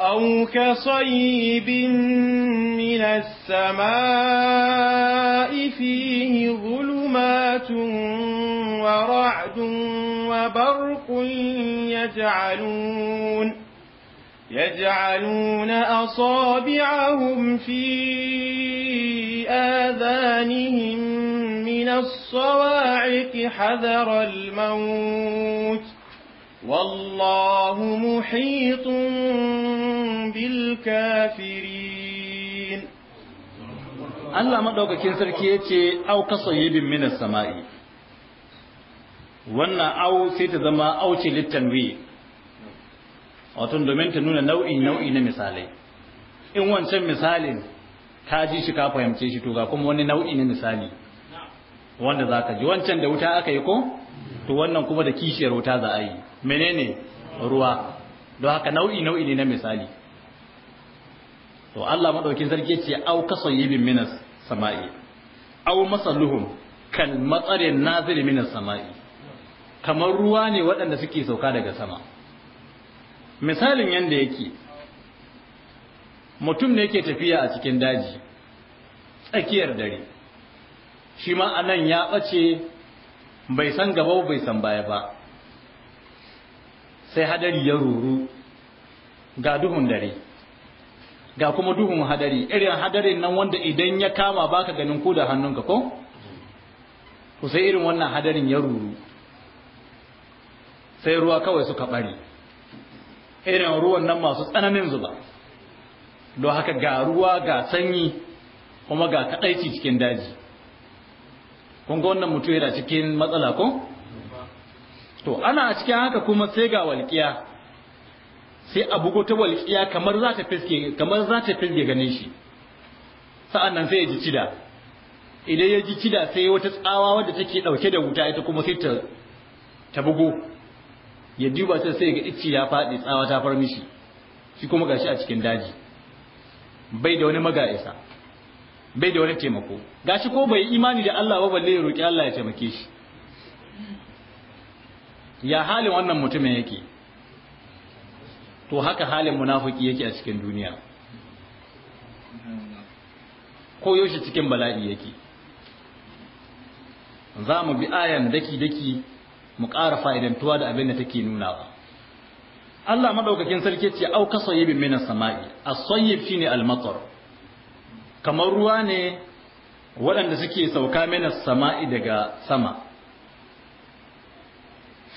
أو كصيب من السماء فيه ظلمات ورعد وبرق يجعلون يجعلون أصابعهم في آذانهم من الصواعق حذر الموت والله محيط بالكافرين Allah maɗaukakin sarki ya ce, Au, او yibin من sama'i, wannan au sai ta zama auce للتنوي wato domin ta nuna nau'i nau'i na misalai. In wancan misalin ka ji shi ka fahimce shi to ga kuma wani nau'i na misali, wanda za ka ji, wancan da wuta aka yi ko? To wannan kuma da kishiyar wuta za a yi, menene ruwa, don haka nau'i nau'i ne na misali. to Allah madaukin sarki ce au kasayibin minas sama'i au masalluhum kan matsarin nazil minas sama'i kamar ruwa ne waɗanda suke sauka daga sama misalin yanda yake mutum ne yake tafiya a cikin daji tsakiyar dare shi ma anan ya ɓace bai san gaba bai san baya ba sai hadari ya ruru ga duhun dare ga kuma duhun hadari irin hadarin nan wanda idan ya kama baka ganin ku da hannunka ko ku sai irin wannan hadarin ya ruru sai ruwa kawai suka bare irin ruwan nan masu tsananin zuba don haka ga ruwa ga sanyi kuma ga kadaici cikin daji kun ga wannan mutu yana cikin matsala ko to ana cikin haka kuma sai ga walƙiya sai a bugo ta walƙiya kamar za ta fiske kamar za ta fiske ganin shi sa'an nan sai ya ji cida idan ya ji cida sai wata tsawa wadda take ɗauke da wuta ita kuma sai ta ta bugo ya duba ta sai ga icci ya faɗi tsawa ta far mishi shi kuma gashi a cikin daji bai da wani maga'isa bai da wani taimako gashi ko bai imani da Allah ba balle ya roki Allah ya taimake shi ya halin wannan mutumin yake to haka halin munafiki yake a cikin duniya ko yaushe cikin bala'i yake za mu bi ayan daki-daki mu ƙara fa'idantuwa da abin da take nuna ba Allah madaukakin sarki ce au ka minas sama'i as-sayyib shine al-matar kamar ruwa ne waɗanda suke sauka minas sama'i daga sama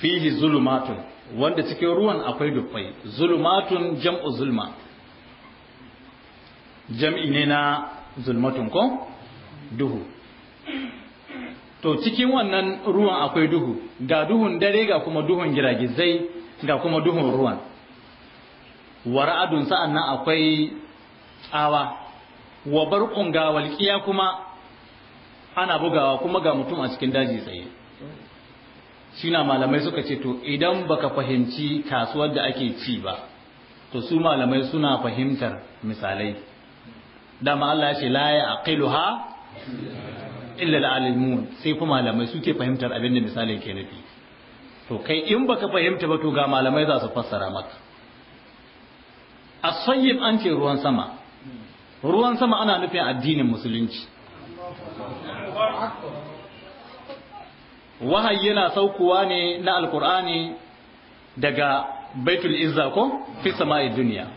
fihi zulumatun wanda cikin ruwan akwai dufai zulmatun jam'u zulma jam'i ne na zulmatun ko duhu to cikin wannan ruwan akwai duhu ga duhun dare ga kuma duhun giragizai ga kuma duhun ruwan wara'adun sa'an nan akwai tsawa wa barkun ga walƙiya kuma ana bugawa kuma ga mutum a cikin daji tsaye shina malamai suka ce to idan baka fahimci kasuwar da ake ci ba to su malamai suna fahimtar misalai dama Allah ya ce la ya aqiluha illa alalimun sai kuma malamai suke fahimtar abin da misalin ke nufi to kai in baka fahimta ba to ga malamai za su fassara maka as-sayyib an ce ruwan sama ruwan sama ana nufin addinin musulunci wahayi yana saukowa ne na alkur'ani daga baitul izza ko fi sama'i duniya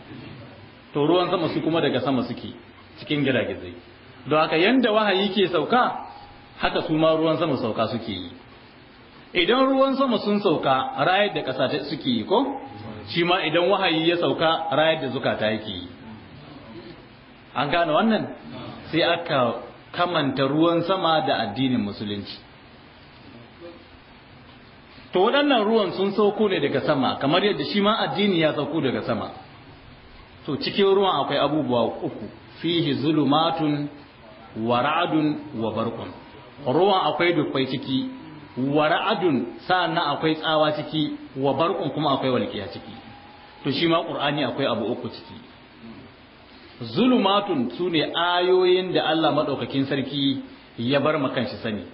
to ruwan sama su kuma daga sama suke cikin gidagizai don haka yanda wahayi ke sauka haka su ma ruwan sama sauka suke yi idan ruwan sama sun sauka rayar da ƙasa suke yi ko shi ma idan wahayi ya sauka rayar da zukata yake yi an gane wannan sai aka kamanta ruwan sama da addinin musulunci to waɗannan ruwan sun sauko ne daga sama kamar yadda shi ma addini ya sauko daga sama to cikin ruwan akwai abubuwa uku fihi zulumatun wa ra'adun wa barqun ruwan akwai dukkai ciki wa ra'adun sa'annan akwai tsawa ciki wa barqun kuma akwai walƙiya ciki to shi ma qur'ani akwai abu uku ciki zulumatun sune ayoyin da Allah madaukakin sarki ya bar makan shi sani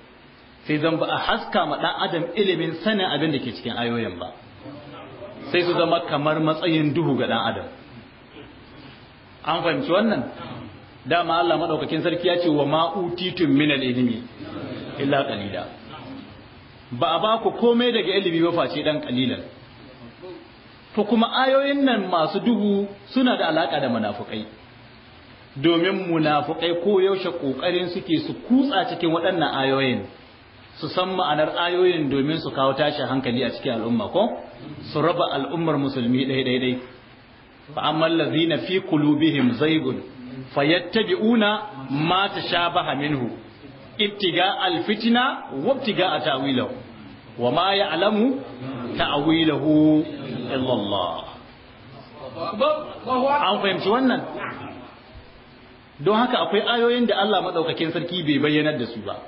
sai zan ba a haska ma ɗan adam ilimin sanin abin da ke cikin ayoyin ba sai su zama kamar matsayin duhu ga ɗan adam an fahimci wannan dama Allah maɗaukakin sarki ya ce wa ma'utitun minal ilimi illa ƙalila ba a ba ku komai daga ilimi ba face ɗan ƙalilan to kuma ayoyin nan masu duhu suna da alaƙa da munafukai domin munafukai ko yaushe ƙoƙarin suke su kutsa cikin waɗannan ayoyin su san ma'anar ayoyin domin su kawo tashin hankali a cikin al'umma ko su raba al'ummar musulmi ɗai ɗai ɗai fa amman lazina fi qulubihim zaygun fayattabi'una ma tashabaha minhu ibtiga alfitina wa ibtiga ta'wilahu wa ma ya'lamu ta'wilahu illa Allah an fahimci wannan don haka akwai ayoyin da Allah madaukakin sarki bai bayyana da su ba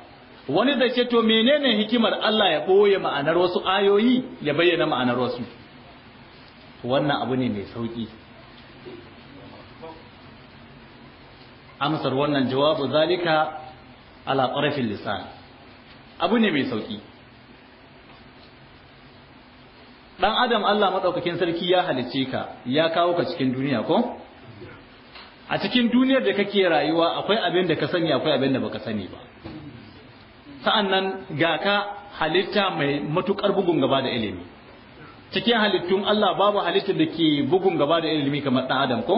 wani zai ce to menene hikimar Allah ya ɓoye ma'anar wasu ayoyi ya bayyana ma'anar wasu wannan abu ne mai sauƙi amsar wannan jawabu zalika ala ƙarfin lisan abu ne mai sauƙi ɗan adam Allah maɗaukakin sarki ya halicce ka ya kawo ka cikin duniya ko a cikin duniyar da kake rayuwa akwai abin da ka sani akwai abin da baka sani ba sa'annan ga ka halitta mai matuƙar bugun gaba da ilimi cikin halittun Allah babu halittar da ke bugun gaba da ilimi kamar ɗan adam ko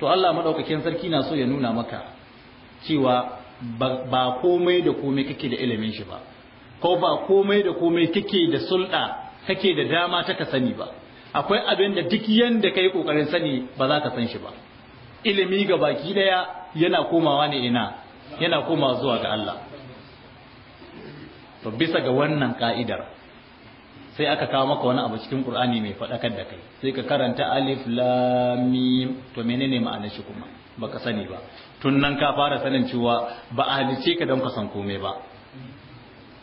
to Allah maɗaukakin sarki na so ya nuna maka cewa ba komai da komai kake da ilimin shi ba ko ba komai da komai kake da sulɗa kake da dama ta sani ba akwai abin da duk yanda yi ƙoƙarin sani ba za ka san shi ba ilimi ga baki ɗaya yana komawa ne ina yana komawa zuwa ga Allah to bisa ga wannan ka'idar sai aka kawo maka wani abu cikin Qur'ani mai faɗakar da kai sai ka karanta alif lam mim to menene ma'anar shi kuma baka sani ba tun nan ka fara sanin cewa ba a halice ka don ka san komai ba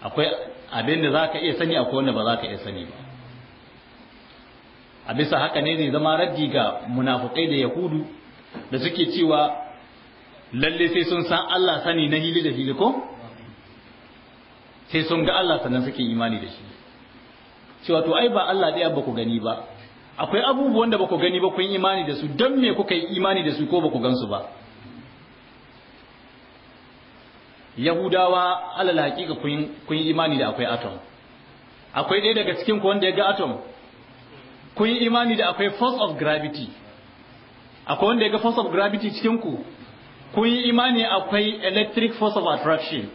akwai abin da zaka iya sani akwai wanda ba ka iya sani ba a bisa haka ne zai zama raddi ga munafukai da yahudu da suke cewa lalle sai sun san Allah sani na hili da hili ko sai sun ga Allah sannan suke imani da shi cewa to ai ba Allah ɗaya ba ku gani ba akwai abubuwan da ba ku gani ba kun imani da su don me kuka yi imani da su ko ba ku gansu ba yahudawa alal haƙiƙa kun yi imani da akwai atom akwai ɗaya daga cikin ku wanda ya ga atom kun yi imani da akwai force of gravity akwai wanda ya ga force of gravity cikin ku kun yi imani akwai electric force of attraction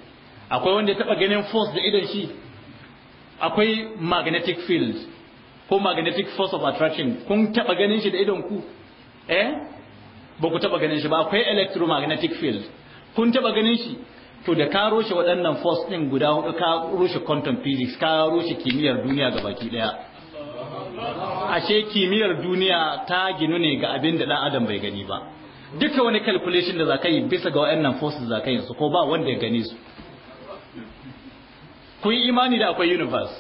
akwai wanda ya taba ganin force da idan shi akwai magnetic field ko magnetic force of attraction kun taba ganin shi da idon ku eh ba ku taba ganin shi ba akwai electromagnetic field kun taba ganin shi to da ka rushe waɗannan force ɗin guda hudu ka rushe quantum physics ka rushe kimiyyar duniya ga baki ɗaya ashe kimiyyar duniya ta ginu ne ga abin da dan adam bai gani ba duka wani calculation da za ka yi bisa ga waɗannan forces za ka yi su ko ba wanda ya gani su ku yi imani da akwai universe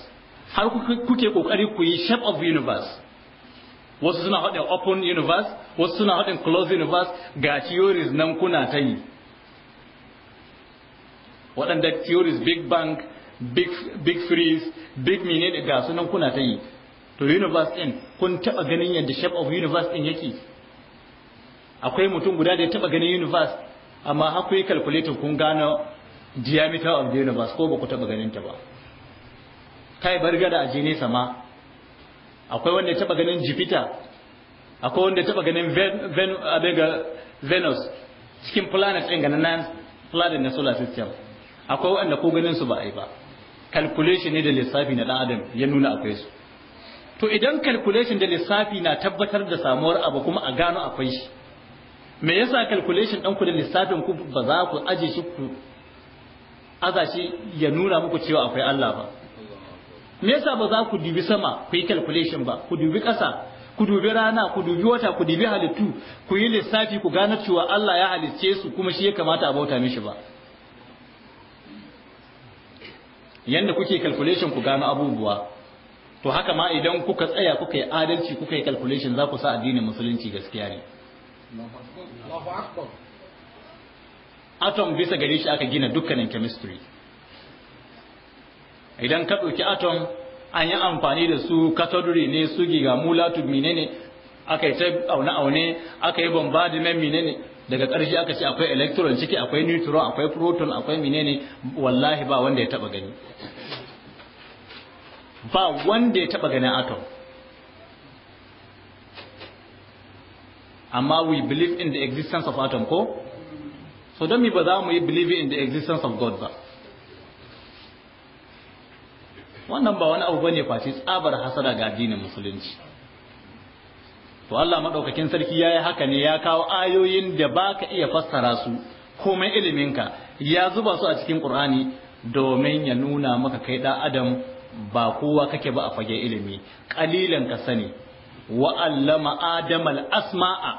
har kuke kokari ku yi shape of universe wasu suna haɗin open universe wasu suna haɗin closed universe ga theories nan kuna ta yi waɗanda theories big bang big, big freeze big menene ga sunan kuna ta yi to universe ɗin kun taɓa ganin yadda shape of universe ɗin yake akwai mutum guda da ya taɓa ganin universe amma har kun yi calculator kun gano diameter of the universe ko ba ku taɓa ganin ta ba kai barga da aje nesa ma akwai wanda ya taɓa ganin jupiter akwai wanda ya taɓa ganin venus cikin planet din ganin nan planet na solar system akwai wanda ko ganin su ba a yi ba calculation ne da lissafi na ɗan adam ya nuna akwai su to idan calculation da lissafi na tabbatar da samuwar abu kuma a gano akwai shi me yasa calculation ɗanku da lissafin ku ba za ku aje shi ku azashi ya nuna muku cewa akwai Allah ba me yasa ba za ku dubi sama ku yi calculation ba ku dubi ƙasa ku dubi rana ku dubi wata ku dubi halittu ku yi lissafi ku gane cewa Allah ya halicce su kuma shi ya kamata a bauta mishi ba yanda kuke calculation ku gano abubuwa to haka ma idan kuka tsaya kuka yi adalci kuka yi calculation za ku sa addinin musulunci gaskiya ne atom bisa gare shi aka gina dukkanin chemistry idan ka ɗauki atom an yi amfani da su cathode ne su giga mula mine menene aka yi ta aune-aune aka yi bombardment menene daga ƙarshe aka ce akwai electron ciki akwai neutron akwai proton akwai menene wallahi ba wanda ya taba gani ba wanda ya taba ganin atom amma we believe in the existence of atom ko to don mi ba za mu yi believing in the existence of God ba wannan ba wani abu ba bane face tsabar hasara ga addinin musulunci to Allah madaukakin sarki yayi haka ne ya kawo ayoyin da baka iya fassara su komai iliminka ya zuba su a cikin Ƙur'ani domin ya nuna maka kai da adam ba kowa kake ba a fage ilimi Ƙalilan ka sani wa allama adamal asma'a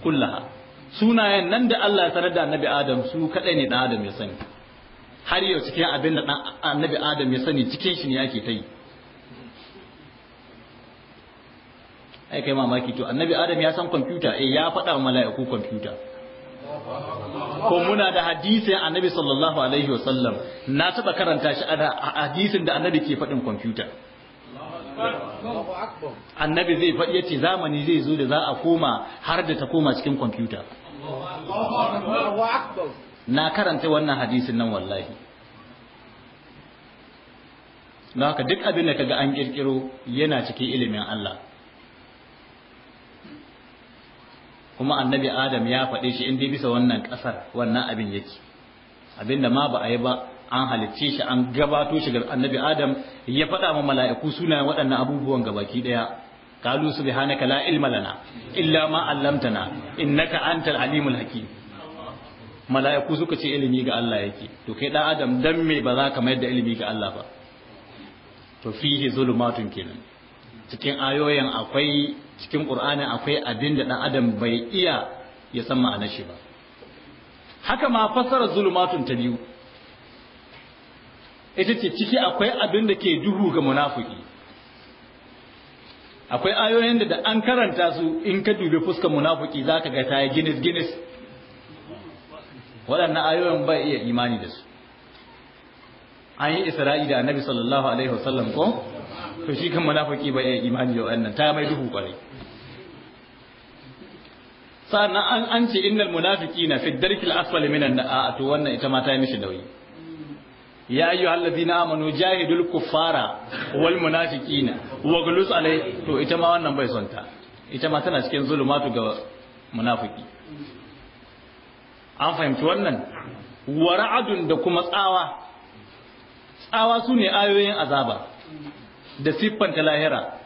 kullaha sunayen nan da Allah ya sanar da annabi Adam su kadai ne dan Adam ya sani har yau cikin abin da dan annabi Adam ya sani cikin shi ne yake ta yi ai kai mamaki to annabi Adam ya san kwamfuta eh ya faɗa wa mala'iku kwamfuta ko muna da hadisin annabi sallallahu alaihi wasallam na taɓa karanta shi a hadisin da annabi ke faɗin kwamfuta annabi zai faɗi ya ce zamani zai zo da za a koma har da ta koma cikin kwamfuta na karanta wannan hadisin nan wallahi Na haka duk abin da ka ga an kirkiro yana cikin ilimin Allah kuma annabi Adam ya faɗe shi in dai bisa wannan ƙasar wannan abin yake abin da ma ba a yi ba an halicce shi an gabato shi ga annabi Adam ya faɗa ma mala'iku sunayen waɗannan abubuwan gabaki ɗaya قالوا سبحانك لا علم لنا إلا ما علمتنا إنك أنت العليم الحكيم mala'iku suka ce ilimi ga Allah yake to kai dan adam dan me ba za ka mayar da ilimi ga Allah ba to fihi zulumatun kenan cikin ayoyin akwai cikin qur'ani akwai abin da dan adam bai iya ya san ma'anar shi ba haka ma fasara zulumatun ta biyu ita ce ciki akwai abin da ke duhu ga munafiki akwai ayoyin da an karanta su in ka dubi fuskar munafiki za ka ga ta yi ginis ginis waɗannan ayoyin ba iya imani da su an yi isra'i da annabi sallallahu alaihi wasallam ko to shi kan munafiki ba iya imani da waɗannan ta mai duhu kwarai sannan an ce innal munafiqina fi al asfali minan na'a to wannan ita ma ta yi mishi nauyi ya yi ayyu alladhina amanu jahidul kuffara wal munafiqina waglus alai to ita ma wannan bai son ta ita ma tana cikin zulumatu ga munafiki an fahimci wannan adun da kuma tsawa tsawa su ne ayoyin azaba da siffanta lahira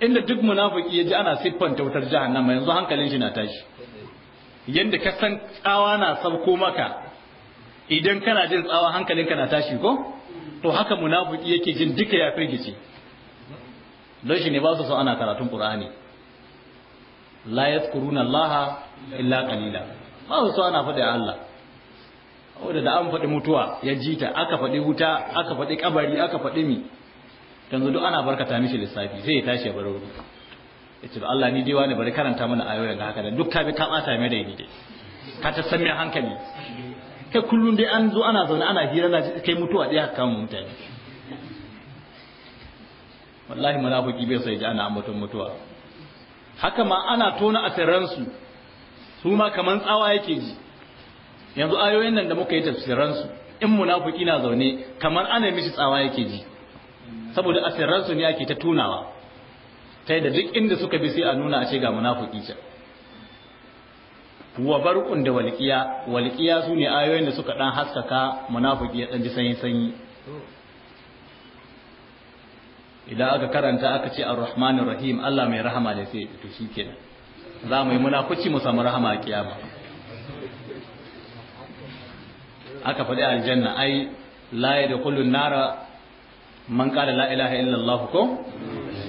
inda duk munafiki ya ji ana siffanta wutar jahannama yanzu hankalin shi na tashi yadda ka san tsawa na sauko maka idan kana jin tsawa hankalin kana tashi ko to haka munafiki yake jin duka ya firgice don shi ne ba su so ana karatun qur'ani la yadhkuruna allah illa qalila ba su so ana faɗi Allah wanda da an faɗi mutuwa ya jita aka faɗi wuta aka faɗi kabari aka faɗi mi yanzu duk ana barkata mishi lissafi sai ya tashi ya bar wuri yace Allah ni dai ne bari karanta mana ayoyin haka da duk ka bi ka bata mai dai ni dai ka ta san hankali ta kullum dai an zo ana zaune ana hira na kai mutuwa ɗaya haka kama mutane wallahi munafiki bai sai ji ana mutum mutuwa haka ma ana tona asiransu su ma kaman tsawa yake ji yanzu ayoyin nan da muka yi tafsiransu in munafiki na zaune kamar ana mishi tsawa yake ji saboda asiransu ne ake ta tunawa ta da duk inda suka bi sai a nuna a ce ga munafiki can wa barqun da walqiya walqiya sune ayoyin da suka dan haskaka munafiki ya dan ji sanyi sanyi idan aka karanta aka ce ar-rahmanir rahim Allah mai rahama da sai to shikenan za mu yi munafici mu samu rahama a kiyama aka faɗi aljanna ai la da an-nara man qala la ilaha illa Allah ko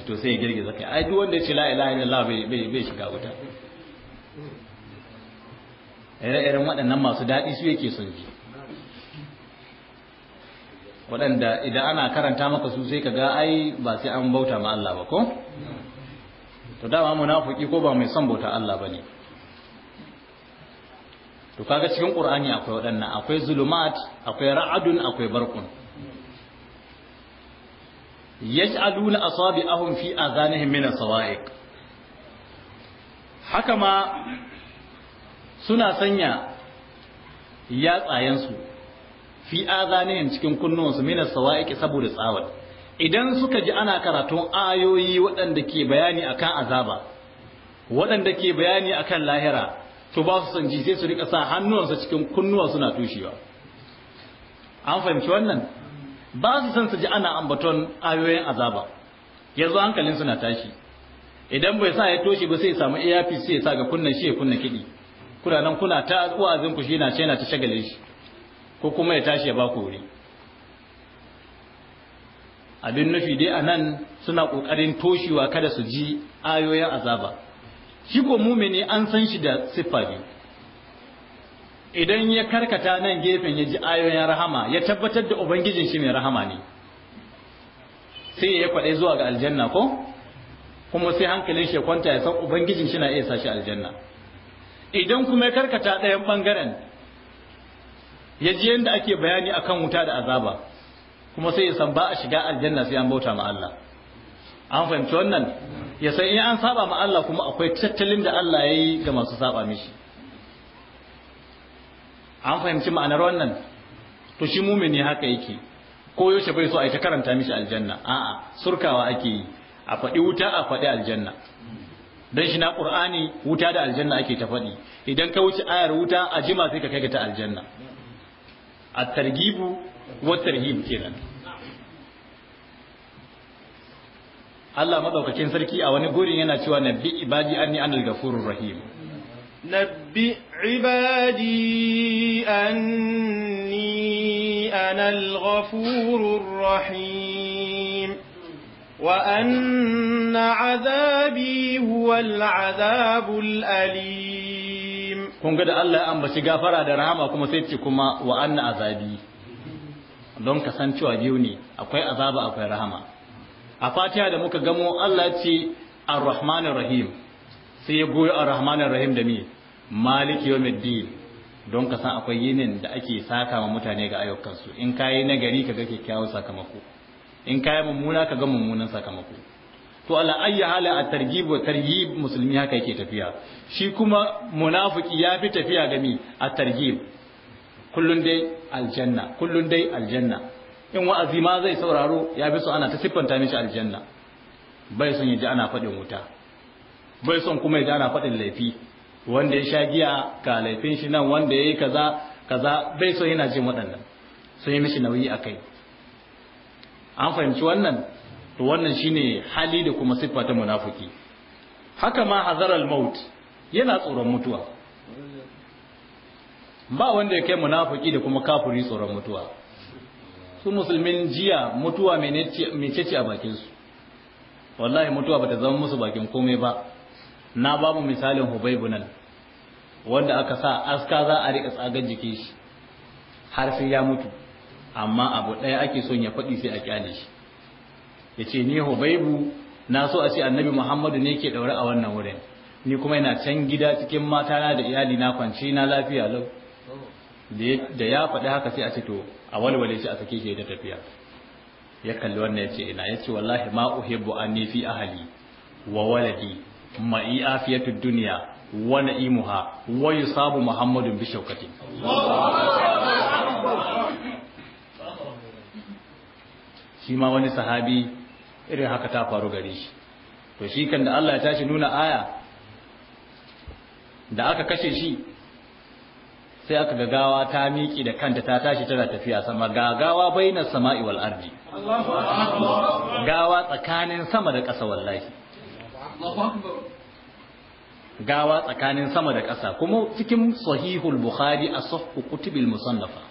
to sai ya girgiza kai ai duk wanda ya ce la ilaha illa Allah bai bai shiga wuta ire-iren waɗannan masu daɗi su yake son ji waɗanda idan ana karanta maka su sai ka ga ai ba sai an bauta ma Allah ba ko to dama munafiki ko ba mai son bauta Allah ba ne to kaga cikin qur'ani akwai waɗannan akwai zulumat akwai ra'adun akwai barkun yaj'alun asabi'ahum fi azanihim min as-sawa'iq haka ma suna sanya yatsayensu fi azanin cikin kunnuwansu mina sawa'iki saboda tsawar idan suka ji ana karatun ayoyi waɗanda ke bayani akan azaba waɗanda ke bayani akan lahira to ba su san ji sai su rika sa hannuwansu cikin kunnuwa suna tushewa an fahimci wannan ba su san su ji ana ambaton ayoyin azaba yanzu hankalin suna tashi idan bai sa ya toshe ba sai ya samu AIP sai ya sa ga kunnan shi ya kunna kiɗi kuna nan kuna ta wa'azin ku shi na ce na ta shagale shi ko kuma ya tashi ya ba ku wuri abin nufi dai a nan suna ƙoƙarin toshewa kada su ji ayoyin azaba shi ko mumini an san shi da siffa biyu idan ya karkata nan gefen ya ji ayoyin rahama ya tabbatar da ubangijin shi mai rahama ne sai ya kwaɗe zuwa ga aljanna ko kuma sai hankalin shi ya kwanta ya san ubangijin shi na iya sa shi aljanna idan kuma ya karkata ɗayan ɓangaren ya ji yadda ake bayani akan wuta da azaba kuma sai ya san ba a shiga aljanna sai an bauta ma Allah an fahimci wannan ya san in an saba ma Allah kuma akwai tattalin da Allah ya yi ga masu saba mishi an fahimci ma'anar wannan to shi ne haka yake ko yaushe bai so a yi ta karanta mishi aljanna a'a surkawa ake yi a faɗi wuta a faɗi aljanna dan shi na qur'ani wuta da aljanna ake ta faɗi idan ka wuce ayar wuta a jima sai ka kai ga ta aljanna at-targhibu wa tarhib kenan Allah madaukakin sarki a wani gurin yana cewa nabbi ibadi anni anal ghafurur rahim nabbi ibadi anni anal ghafurur rahim وأن عذابي هو العذاب الأليم kun ga da Allah ya ambaci gafara da rahama kuma sai ce kuma wa azabi don ka san cewa biyu ne akwai azaba akwai rahama a fatiha da muka gamo Allah ya ce ar-rahmanir rahim sai ya goyo ar-rahmanir rahim da me maliki yawmiddin don ka san akwai yinin da ake saka ma mutane ga ayyukansu in kayi nagari kaga kyakkyawan sakamako in kai mummuna ka ga mummunan sakamako to ala ayyi hala a targhib wa musulmi haka yake tafiya shi kuma munafiki ya fi tafiya ga mi a targhib kullun dai aljanna kullun dai aljanna in wa'azi ma zai sauraro ya bi so ana ta siffanta mishi aljanna bai son ya ji ana faɗin wuta bai son kuma ya ji ana faɗin laifi wanda ya sha giya ka laifin shi nan wanda ya yi kaza kaza bai so yana jin waɗannan sai mishi nauyi a kai an fahimci wannan to wannan shine hali da kuma siffa ta munafiki haka ma al maut yana tsoron mutuwa ba wanda ya kai munafiki da kuma kafuri tsoron mutuwa su musulmin jiya mutuwa ce a bakinsu wallahi mutuwa bata zama musu bakin komai ba na ba misalin hubaibu nan wanda aka sa aska za a riƙa tsagar jiki shi har sai ya mutu amma abu ɗaya ake son ya faɗi sai a kyale shi ya ce ni hubaibu na so a ce annabi muhammadu ne ke ɗaure a wannan wurin ni kuma yana can gida cikin matana da iyali na kwanci na lafiya lau da ya faɗi haka sai a ce to a walwale shi a sake shi da tafiya ya kalli wannan ya ce ina ya ce wallahi ma uhibbu anni fi ahli wa waladi ma'i afiyatud dunya wa na'imuha wa yusabu muhammadun bi shawkati shi ma wani sahabi irin haka ta faru gare shi to shi kan da Allah ya tashi nuna aya da aka kashe shi sai aka ga gawa ta miƙi da kanta ta tashi tana tafiya sama gagawa bainar sama'i wal ardi gawa tsakanin sama da ƙasa wallahi gawa tsakanin sama da ƙasa kuma cikin sahihul bukhari a sahhu kutubil musannafa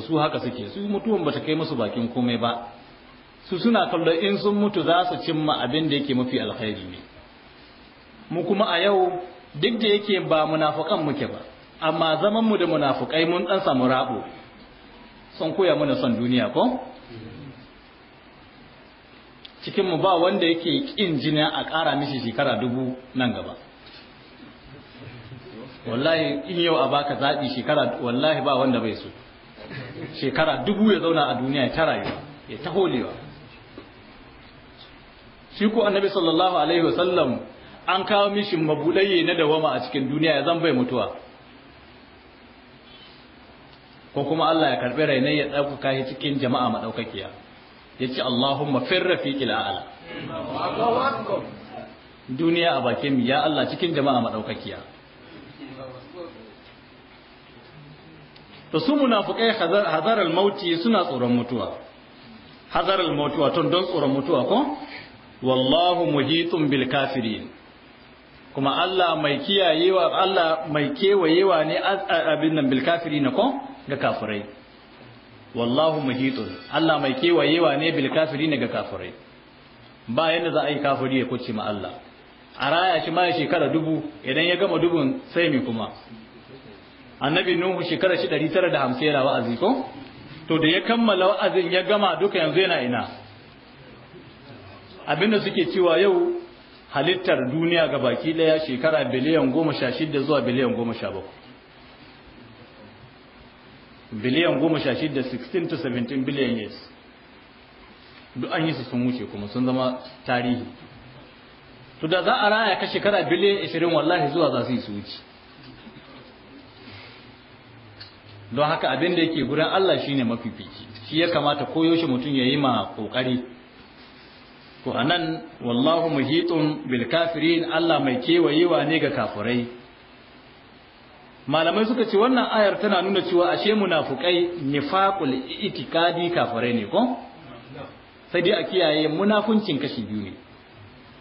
to su haka suke su mutuwan bata kai musu bakin komai ba su suna kallon in sun mutu za su cimma abin da yake mafi alkhairi ne mu kuma a yau duk da yake ba munafukan muke ba amma zaman mu da munafukai mun dan samu rabo son koya mana son duniya ko cikin mu ba wanda yake kin jini a ƙara mishi shekara dubu nan gaba wallahi in yau a baka zaɓi shekara wallahi ba wanda bai so shekara dubu ya zauna a duniya ya ta rayuwa ya ta holewa shi ko annabi sallallahu alaihi wasallam an kawo mishi mabudayye na dawama a cikin duniya ya zan bai mutuwa ko kuma Allah ya karbi rainai ya ɗauka shi cikin jama'a maɗaukakiya ya ce Allahumma firra fi ala duniya a bakin ya Allah cikin jama'a maɗaukakiya to su munafukai hazar al-mauti suna tsoron mutuwa hazar al-mauti wato don tsoron mutuwa ko wallahu muhitun bil kafirin kuma Allah mai kiyayewa Allah mai kewayewa ne abin nan bil kafirin ko ga kafirai wallahu muhitun Allah mai kewayewa ne bil kafirin ga kafirai ba yanda za a yi kafiri ya kuce ma Allah a raya shi ma shekara dubu idan ya gama dubun sai me kuma annabi nuhu shekara shi 950 yana wa'azi ko to da ya kammala wa'azin ya gama duka yanzu yana ina abinda suke cewa yau halittar duniya ga baki daya shekara biliyan goma sha shida zuwa biliyan goma sha bakwai biliyan goma sha shida 16 to 17 biliyan years duk an yi su sun wuce kuma sun zama tarihi to da za a raya ka shekara biliyan 20 wallahi zuwa za su yi su wuce don haka abin da yake gurin Allah shine mafifici shi ya kamata koyaushe mutum ya yi ma kokari to anan wallahu muhitun bil kafirin Allah mai kewayewa ne ga kafurai. malamai suka ce wannan ayar tana nuna cewa ashe munafukai nifaqul itikadi kafurai ne ko sai dai a kiyaye munafuncin kashi biyu ne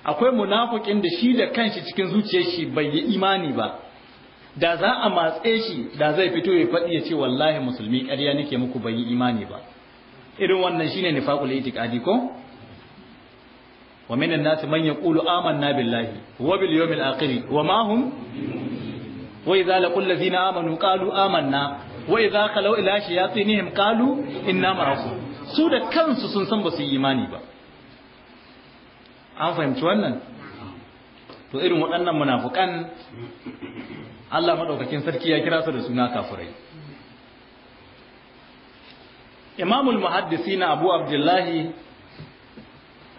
akwai munafukin da shi da kanshi cikin zuciyar bai yi imani ba da za a matse shi da zai fito ya faɗi ya ce wallahi musulmi ƙarya nake muku bai yi imani ba irin wannan shine faƙul itiqadi ko wa minan nas man yaqulu amanna billahi wa bil yawmil akhir wa ma hum wa idza laqul ladzina amanu qalu amanna wa idza khalu ila shayatinihim qalu inna ma'akum su da kansu sun san ba su yi imani ba an fahimci wannan to irin waɗannan munafukan Allah maɗaukakin sarki ya kira su da suna kafirai Imamul muhaddisi na Abu Abdullahi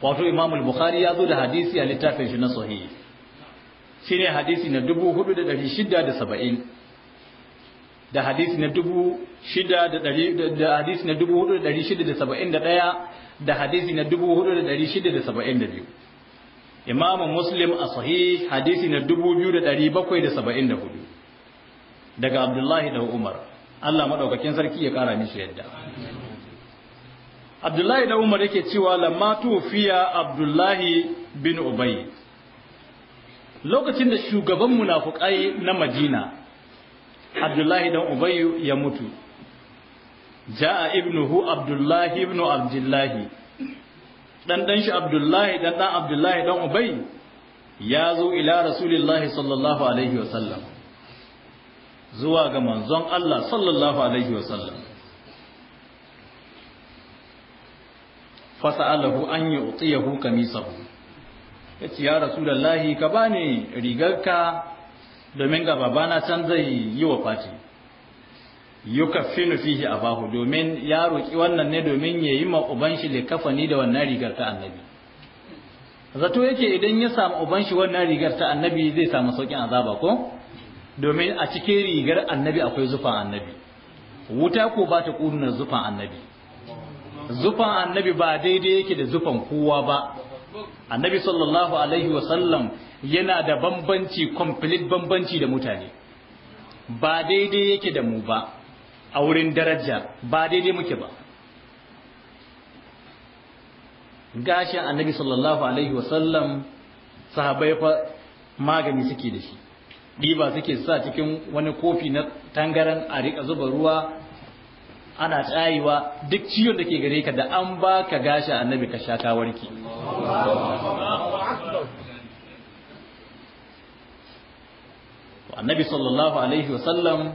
wato Imamul Bukhari ya zo da hadisi a littafin shi na sahihi ne hadisi na 4670 da hadisi na 6000 da hadisi na 4671 da hadisi na 4672 Imam Muslim a sahihi hadisi na 2774 daga abdullahi da umar allah maɗaukakin sarki ya ƙara mishi yadda abdullahi da umar yake cewa lamma tufiya abdullahi bin ubay lokacin da shugaban munafukai na madina abdullahi dan ubay ya mutu ja'a ibnuhu abdullahi ibn abdullahi dan dan shi abdullahi dan dan abdullahi dan ubay ya zo ila rasulullahi sallallahu alaihi wasallam zuwa ga manzon Allah sallallahu alaihi wasallam fasa'alahu an yu'tiyahu kamisahu yace ya rasulullahi ka bani rigarka domin ga babana can zai yi wa fati finu fihi abahu domin ya roki wannan ne domin yayi ma uban shi kafani da wannan rigar ta annabi zato yake idan ya samu uban shi wannan rigar ta annabi zai samu saukin azaba ko domin a cikin rigar annabi akwai zufan annabi wuta ko ba ta ƙunar zufan annabi zufan annabi ba daidai yake da zufan kowa ba annabi sallallahu alaihi wasallam yana da bambanci complete bambanci da mutane ba daidai yake da mu ba a wurin daraja ba daidai muke ba gashin annabi sallallahu alaihi wasallam sahabai fa magani suke da shi ɗiba suke sa cikin wani kofi na tangaran a riƙa zuba ruwa ana tsayewa duk ciwon da ke gare ka da an ba ka gashi annabi ka sha kawarki. annabi sallallahu alaihi wasallam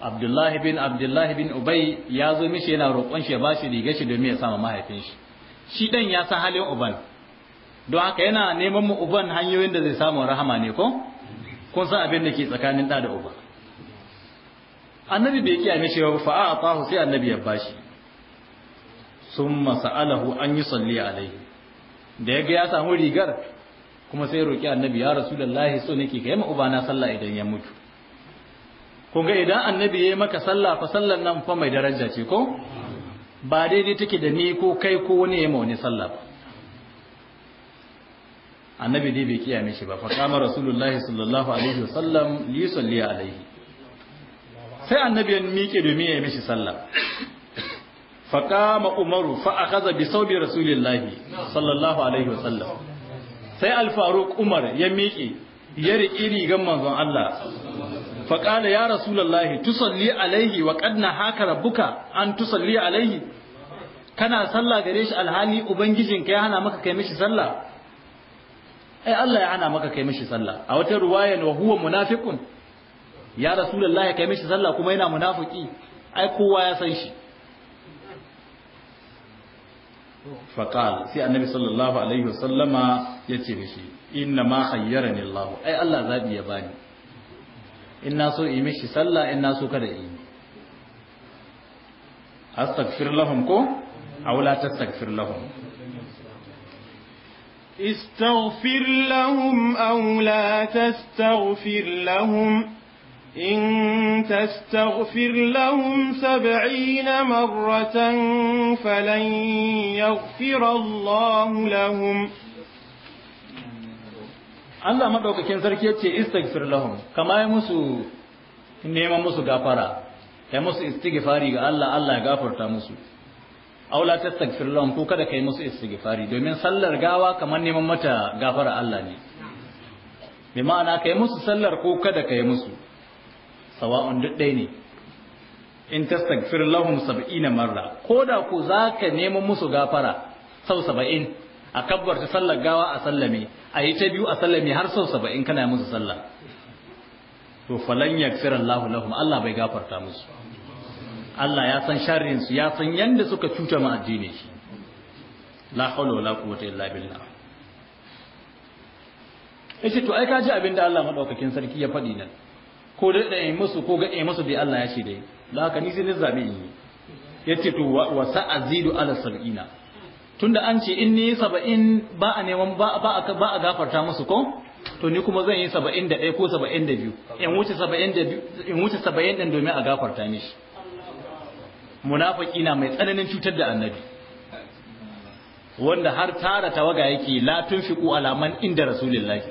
abdullahi bin abdullahi bin ubai ya zo mishi yana roƙon shi ya ba shi riga shi domin ya sama mahaifin shi shi ɗan ya san halin uban don haka yana neman mu uban hanyoyin da zai samu rahama ne ko kun san abin da ke tsakanin da da uba annabi bai kiyaye shi ba fa a atahu sai annabi ya bashi summa sa'alahu an yi salli alai da ya ga ya samu rigar kuma sai roki annabi ya rasulullahi so nake kai uba ubana sallah idan ya mutu kun ga idan annabi ya yi maka sallah fa sallan nan fa mai daraja ce ko ba daidai take da ni ko kai ko wani ya ma wani sallah annabi dai bai kiyaye mishi ba fa kama rasulullahi sallallahu alaihi wasallam li yusalli alaihi sai annabi ya miƙe domin ya yi mishi sallah fa kama umaru fa akhadha bi sawbi rasulillahi sallallahu alaihi wasallam sai al-faruq umar ya miƙe ya riƙi rigan manzon Allah fa qala ya rasulullahi tusalli alaihi wa qad nahaka rabbuka an tusalli alaihi kana sallah gare shi alhali ubangijinka ya hana maka kai mishi sallah ai Allah ya ana maka kai mishi sallah a wata ruwayan wa huwa munafiqun ya rasulullahi kai mishi sallah kuma yana munafiki ai kowa ya san shi faqal sai annabi sallallahu alaihi wasallama yace mishi inna ma khayyarani Allah ai Allah zabi ya bani in na so yi mishi sallah in na so kada yi astaghfir lahum ko aw la tastaghfir lahum استغفر لهم أو لا تستغفر لهم إن تستغفر لهم سبعين مرة فلن يغفر الله لهم Allah maɗaukakin sarki ya ce istaghfir lahum kama ya musu neman musu gafara ya musu istighfari ga Allah Allah ya gafarta musu aula tastaghfir lahum ko kada kai musu istighfari domin sallar gawa kamar neman mata gafara Allah ne bi ma'ana kai musu sallar ko kada kai musu sawa'un duk ne in tastaghfir lahum sab'ina marra ko da ko zaka neman musu gafara sau saba'in a kabbarta sallar gawa a sallame a yi ta biyu a sallame har sau saba'in kana musu sallar. to falan yakfir Allahu lahum Allah bai gafarta musu Allah ya san sharrin su ya san yanda suka cuta ma addini shi la hawla wala quwwata illa billah yace to ai ka ji abinda Allah madaukakin sarki ya faɗi nan ko da dai musu ko ga musu dai Allah ya ce dai la haka ni sai in yi yace to wa sa'azidu ala sab'ina tunda an ce in ni 70 ba a neman ba ba a ba a gafarta musu ko to ni kuma zan yi 71 ko 72 in wuce 72 in wuce 70 din domin a gafarta mishi munafiki na mai tsananin cutar da annabi wanda har tara tawaga yake la tunfiqu alaman inda rasulillahi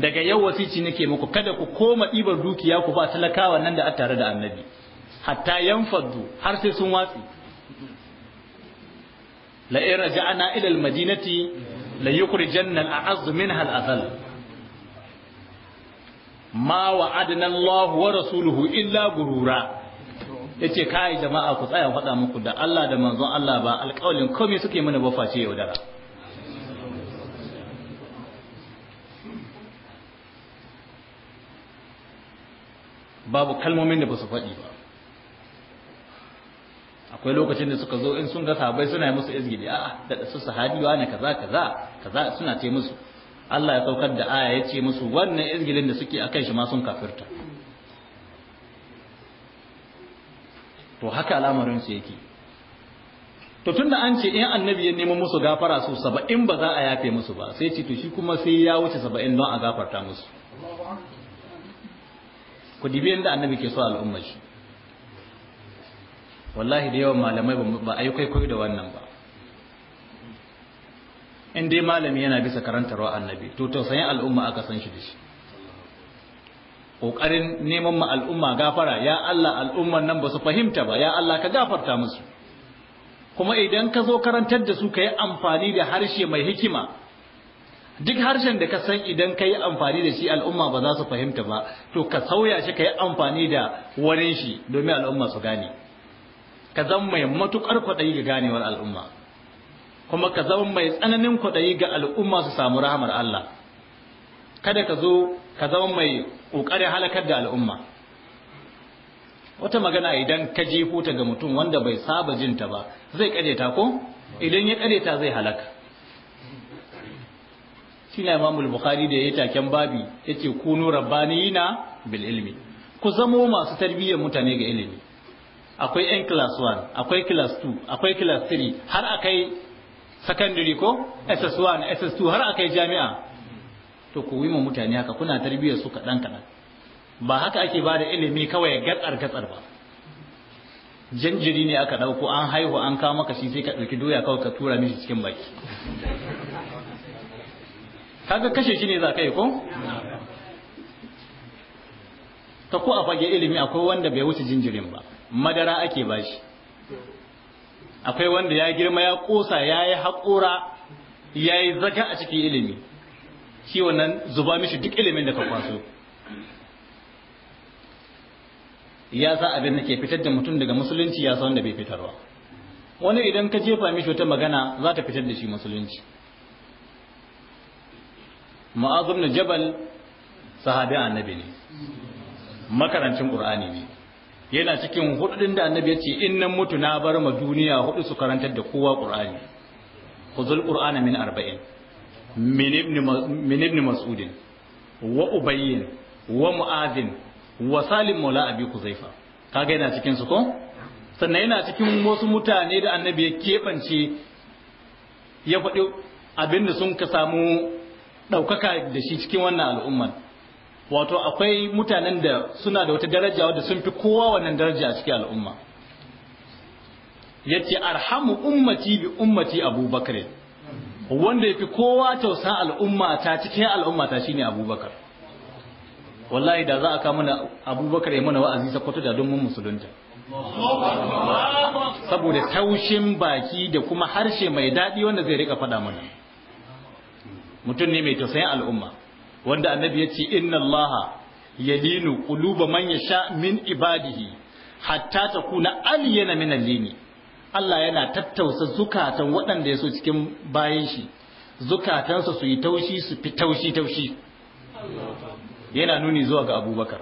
daga yau wasici nake muku kada ku koma ibar dukiya ku ba talakawa nan da tare da annabi hatta yanfaddu har sai sun watsi la in raja'ana ila almadinati la yukhrijanna al'azz minha al'azal ma wa'adna Allahu wa rasuluhu illa gurura yace kai jama'a ku tsaya faɗa muku da Allah da manzon Allah ba alƙawalin komai suke mana ba face yaudara babu kalmomin da ba su faɗi ba akwai lokacin da suka zo in sun ga sahabbai suna yi musu a a'a da su sahabiwa ne kaza kaza kaza suna ce musu Allah ya saukar da aya ya ce musu wannan izgilin da suke akan shi ma sun kafirta to haka al'amarin su yake to tunda an ce in annabi ya nemo musu gafara su saba'in ba za a yafe musu ba sai ce to shi kuma sai ya wuce saba'in don a gafarta musu ku dibi yadda annabi ke so al'ummar shi wallahi da yawan malamai ba a yi kwaikwayo da wannan ba in dai malami yana bisa karantarwa annabi to tausayin al'umma aka san shi da shi ƙoƙarin neman ma al'umma gafara ya Allah al'umman nan ba su fahimta ba ya Allah ka gafarta musu kuma idan ka zo karantar da su ka yi amfani da harshe mai hikima duk harshen da ka san idan ka yi amfani da shi al'umma ba za su fahimta ba to ka sauya shi ka yi amfani da wani shi domin al'umma su gane ka zama mai matuƙar kwaɗayi ga ganewar al'umma kuma ka zama mai tsananin kwaɗayi ga al'umma su samu rahamar Allah kada ka zo ka zama mai ƙoƙarin halakar da al'umma wata magana idan ka ji huta ga mutum wanda bai saba jin ta ba zai ta ko idan ya ta zai halaka shi na imamul bukhari da ya taken babi yace ku kunu rabbaniyina bil ilmi ku zamo masu tarbiyyar mutane ga ilimi akwai yan class 1 akwai class 2 akwai class 3 har akai secondary ko ss1 ss2 har akai jami'a to ku yi mutane haka kuna tarbiyyar su kaɗan kaɗan ba haka ake ba da ilimi kawai gatsar gatsar ba janjiri ne aka ɗauko an haihu an kawo maka shi sai ka ɗauki doya kawai ka tura mishi cikin baki kaga kashe shi ne za ka yi ko ta ko a fage ilimi akwai wanda bai wuce jinjirin ba madara ake bashi akwai wanda ya girma ya kosa ya yi haƙura ya yi zaka a cikin ilimi shi wannan zuba mishi duk ilimin da ka kwaso ya sa abin da ke fitar da mutum daga musulunci ya sa wanda bai fitarwa wani idan ka jefa mishi wata magana za ta fitar da shi musulunci ma'azum na jabal sahabi annabi ne makarancin qur'ani ne yana cikin hudun da annabi ya ce innan mutu na bar ma duniya hudu su karantar da kowa qur'ani khuzul qur'ana min arba'in من ابن mas'udin wa ubayyin wa mu'adhin wa salim maula abi kuzaifa kaga yana cikin su ko sannan yana cikin wasu mutane da annabi ya keɓance ya faɗi abinda sun ka samu ɗaukaka da shi cikin wannan al'umman wato akwai mutanen da suna da wata daraja wadda sun fi kowa wannan daraja a cikin al'umma yace arhamu ummati bi ummati abubakar wanda ya fi kowa tausan al'umma ta cikin al'ummata ta shine abubakar wallahi da za a kama na abubakar ya mana wa'azi ta da don musulunta saboda taushin baki da kuma harshe mai daɗi wanda zai rika faɗa mana mutum ne mai tausayin al'umma wanda annabi ya ce inna allaha yalinu kuluba man sha min ibadihi hatta kuna aliyana min al-lini Allah yana tattausa zukatan waɗanda ya so cikin bayan shi zukatansa su yi taushi su fi taushi taushi yana nuni zuwa ga abubakar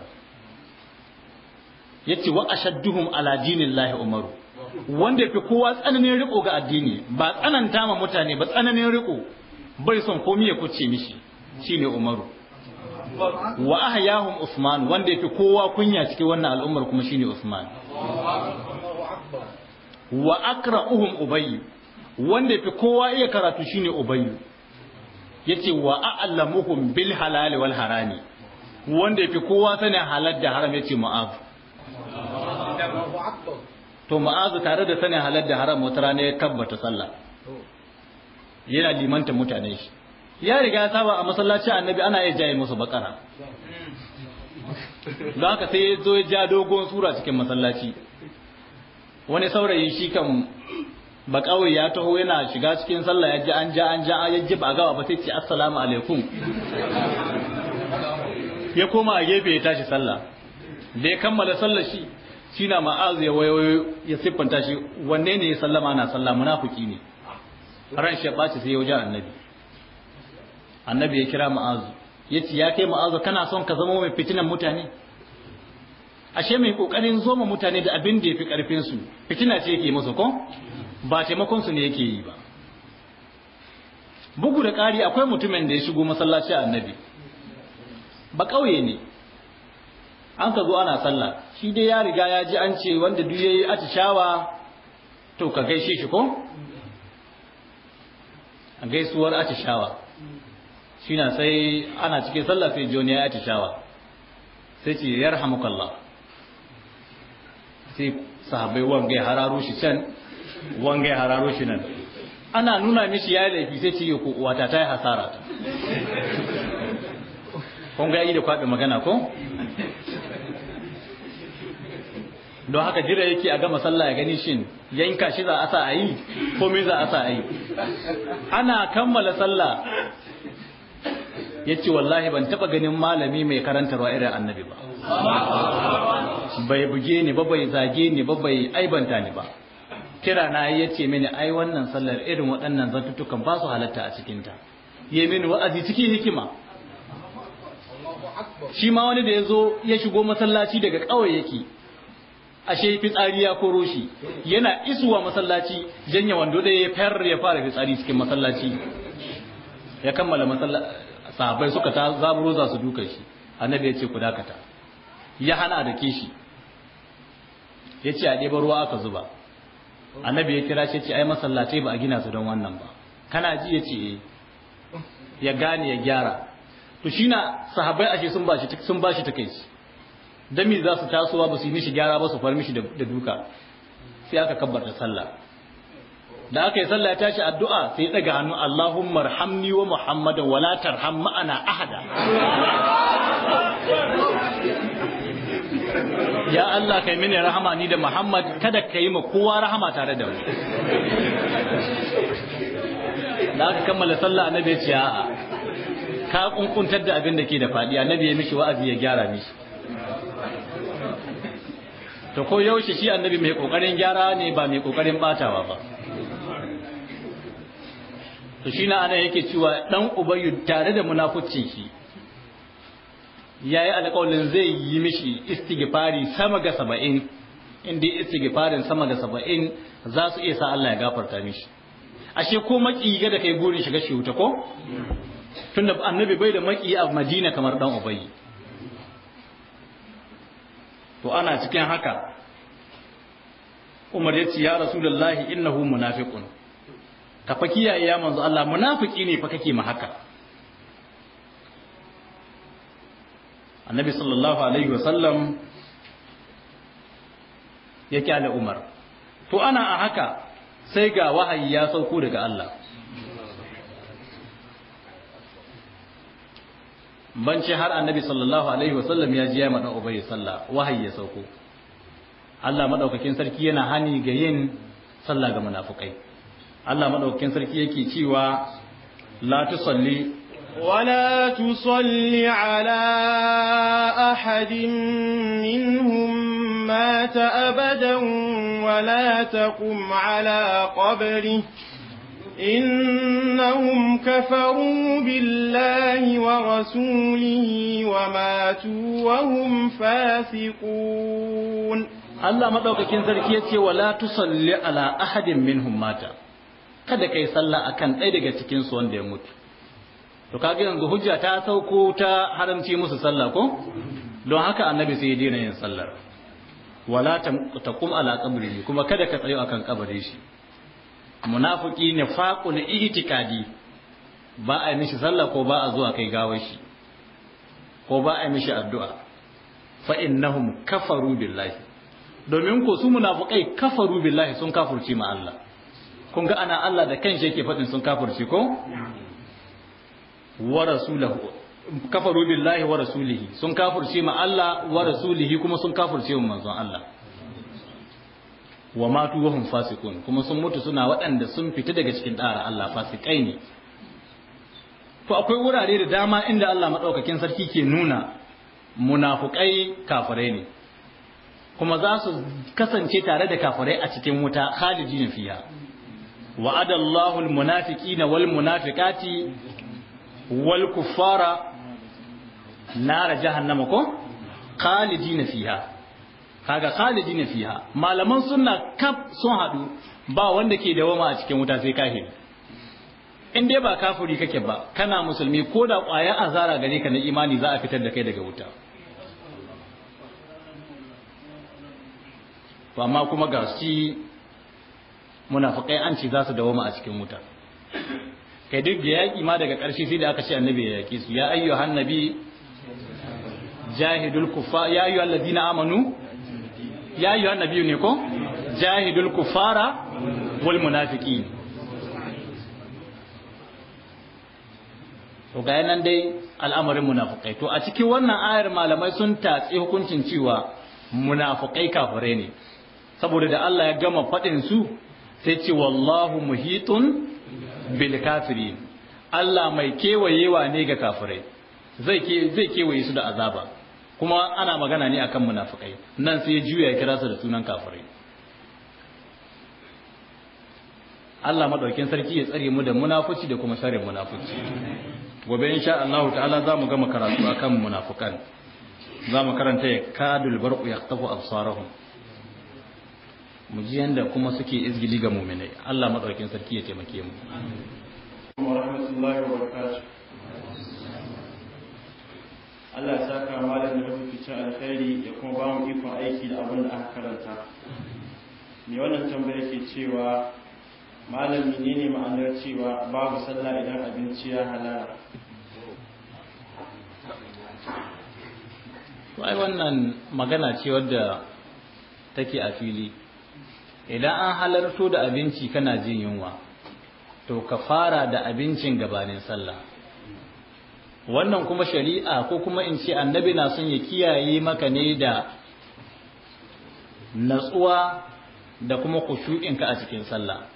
ya ce wa ashadduhum ala dinin umaru wanda ya fi kowa tsananin riko ga addini ba tsananta ma mutane ba tsananin riko bai son komi ya kuce mishi shine umaru wa ahyahum usman wanda ya fi kowa kunya cikin wannan al'ummar kuma shine usman wa akra'uhum ubayy wanda yafi kowa iya karatu shine ubayy yace wa a'allamuhum bil halal wal harami wanda yafi kowa sanin halal da haram yace mu'az to ma'azu tare da sanin halal da haram wata rana ya tabbata sallah yana limanta mutane shi ya riga ya saba a masallaci annabi ana iya jaye musu bakara za haka sai ya zo ya ja dogon sura cikin masallaci wani saurayi shi kan ba kawai ya taho yana shiga cikin sallah ya ji an ja an ja ya ji ba gawa ba sai ce assalamu alaikum ya koma a gefe ya tashi sallah da ya kammala sallah shi shi na ma'azu ya wayo ya siffanta shi wanne ne ya sallama na sallah munafiki ne ran shi ya ɓaci sai ya wajen annabi annabi ya kira ma'azu ya ce ya kai ma'azu kana son ka zama mai fitinan mutane ashe mai kokarin zoma mutane da abin da yafi karfin su fitina ce yake masa ko ba taimakon su ne yake yi ba bugu da ƙari akwai mutumin da ya shigo masallaci annabi ba ƙauye ne an ka zo ana sallah shi dai ya riga ya ji an ce wanda duk yayi atishawa to ka gaishe shi ko a gaisuwar atishawa shi na sai ana cikin sallah sai joni ya atishawa sai ce yarhamukallah sai sahabai wangai hararo shi can wangai hararo shi nan ana nuna mishi ya yi laifi sai ce ko kuwa ta yi hasara ta kun ga da kwaɓe magana ko don haka jira yake a gama sallah ya gani shin yanka shi za a sa a yi ko me za a sa a yi ana kammala sallah ya ce wallahi ban taɓa ganin malami mai karantarwa irin annabi ba bai buge ni ba bai zage ni ba bai aibanta ni ba kira na ya ce mini ai wannan sallar irin waɗannan zantutukan ba su halatta a cikinta ya mini wa'azi ciki hikima shi ma wani da ya zo ya shigo masallaci daga ƙauye yake ashe fitsari ya koro shi yana isuwa masallaci janya wando da ya fayar ya fara fitsari cikin masallaci ya kammala masallaci sahabbai suka ta zaburo za su duka shi annabi ya ce ku dakata ya hana da kishi ya ce a ɗeba ruwa aka zuba annabi ya kira shi ce ai masallacai ba a gina su don wannan ba kana ji ya ce eh. ya gane ya gyara to shi na sahabai ashe sun bashi sun bashi takeici dan za su tasowa ba su yi mishi gyara ba su far mishi da duka sai aka kabbata sallah da aka yi sallah ya tashi addu'a sai ya daga hannu Allahumma arhamni wa Muhammadan wala tarham ma'ana ahada ya Allah kai mini rahama ni da Muhammad kada ka yi ma kowa rahama tare da mu na ka kammala sallah annabi ya ce a'a ka kunkuntar da abin da ke da fadi annabi ya mishi wa'azi ya gyara mishi to ko yaushe shi annabi mai kokarin gyara ne ba mai kokarin batawa ba to shi na ana yake cewa dan ubayyu tare da munafucin shi ya yi zai yi mishi istighfari sama ga saba'in inda istighfarin sama ga saba'in za su iya sa Allah ya gafarta mishi ashe ko maki ga da kai gurin shiga shi wuta ko tunda annabi bai da maki a Madina kamar dan Ubayy to ana cikin haka Umar ya ce ya Rasulullahi innahu munafiqun ka fa kiyaye ya manzo Allah munafiki ne fa kake ma haka annabi sallallahu alaihi wasallam ya kyale umar to ana a haka sai ga wahayi ya sauko daga Allah ban ce har annabi sallallahu alaihi wasallam ya ji ya mada ubayi sallah wahayi ya sauko Allah madaukakin sarki yana hani ga yin sallah ga munafukai Allah madaukakin sarki yake cewa la tusalli ولا تصل على أحد منهم مات أبدا ولا تقم على قبره إنهم كفروا بالله ورسوله وماتوا وهم فاسقون Allah madaukakin sarki ya ce wala tusalli ala ahadin minhum mata kada yi sallah kan ɗaya daga cikin su wanda ya mutu to kage yanzu hujja ta sauko ta haramci musu sallah ko don haka annabi sai ya daina yin sallar wala ta kum ala qabrihi kuma kada ka tsayo akan kabarin shi munafiki faqul ihtikadi ba a yi mishi sallah ko ba a zuwa kai gawar shi ko ba a yi mishi addu'a fa innahum kafaru billahi domin ko su munafukai kafaru billahi sun kafurci ma Allah kun ga ana Allah da kanshi yake faɗin sun kafurci ko wa rasulahu kafaru billahi wa rasulihi sun kafirce ma Allah wa rasulihi kuma sun kafirce ma manzon Allah wa matu wa hum fasiqun kuma sun mutu suna waɗanda sun fita daga cikin dara Allah fasikai ne to akwai wurare da dama inda Allah madaukakin sarki ke nuna munafukai kafirai ne kuma za su kasance tare da kafirai a cikin wuta khalidin fiha wa'adallahu almunafiqina walmunafiqati wal kuffara nar jahannama ko khalidina fiha kaga khalidina fiha malaman sunna kaf sun hadu ba wanda ke dawama a cikin wuta sai kafiri in dai ba kafiri kake ba kana musulmi ko da kwaya azara gare ka na imani za a fitar da kai daga wuta to amma kuma ga shi munafikai an ce za su dawoma a cikin wuta kai duk da yaƙi ma daga ƙarshe sai da aka ce annabi ya yaƙi su ya ayyu hannabi jahidul kufa ya ayyu allazina amanu ya ayyu hannabi ne ko jahidul kufara wal munafiqin to ga nan dai al'amarin munafikai to a cikin wannan ayar malamai sun tatsi hukuncin cewa munafikai kafirai ne saboda da Allah ya gama faɗin su sai ce wallahu muhitun bil Allah mai kewayewa ne ga kafirai zai zai kewaye su da azaba kuma ana magana ne akan munafikai nan sai ya juya ya kira su da sunan kafirai Allah madaukin sarki ya tsare mu da munafuci da kuma sare munafuci gobe insha Allah ta'ala za mu gama karatu akan munafukan za mu karanta ya kadul barqu yaqtafu absarahum mu ji yanda kuma suke izgili ga muminai Allah madaukakin sarki ya taimake mu Allah ya saka malamin da rubuci alkhairi ya kuma ba mu ikon aiki da abin da aka karanta me wannan tambaya ke cewa ne ne ma'anar cewa babu sallah idan abinci ya halala ai wannan magana ce wadda take a fili idan an halarto da abinci kana jin yunwa to ka fara da abincin gabanin sallah wannan kuma shari'a ko kuma in ce annabi na son ya kiyaye maka ne da natsuwa da kuma kushu'inka a cikin sallah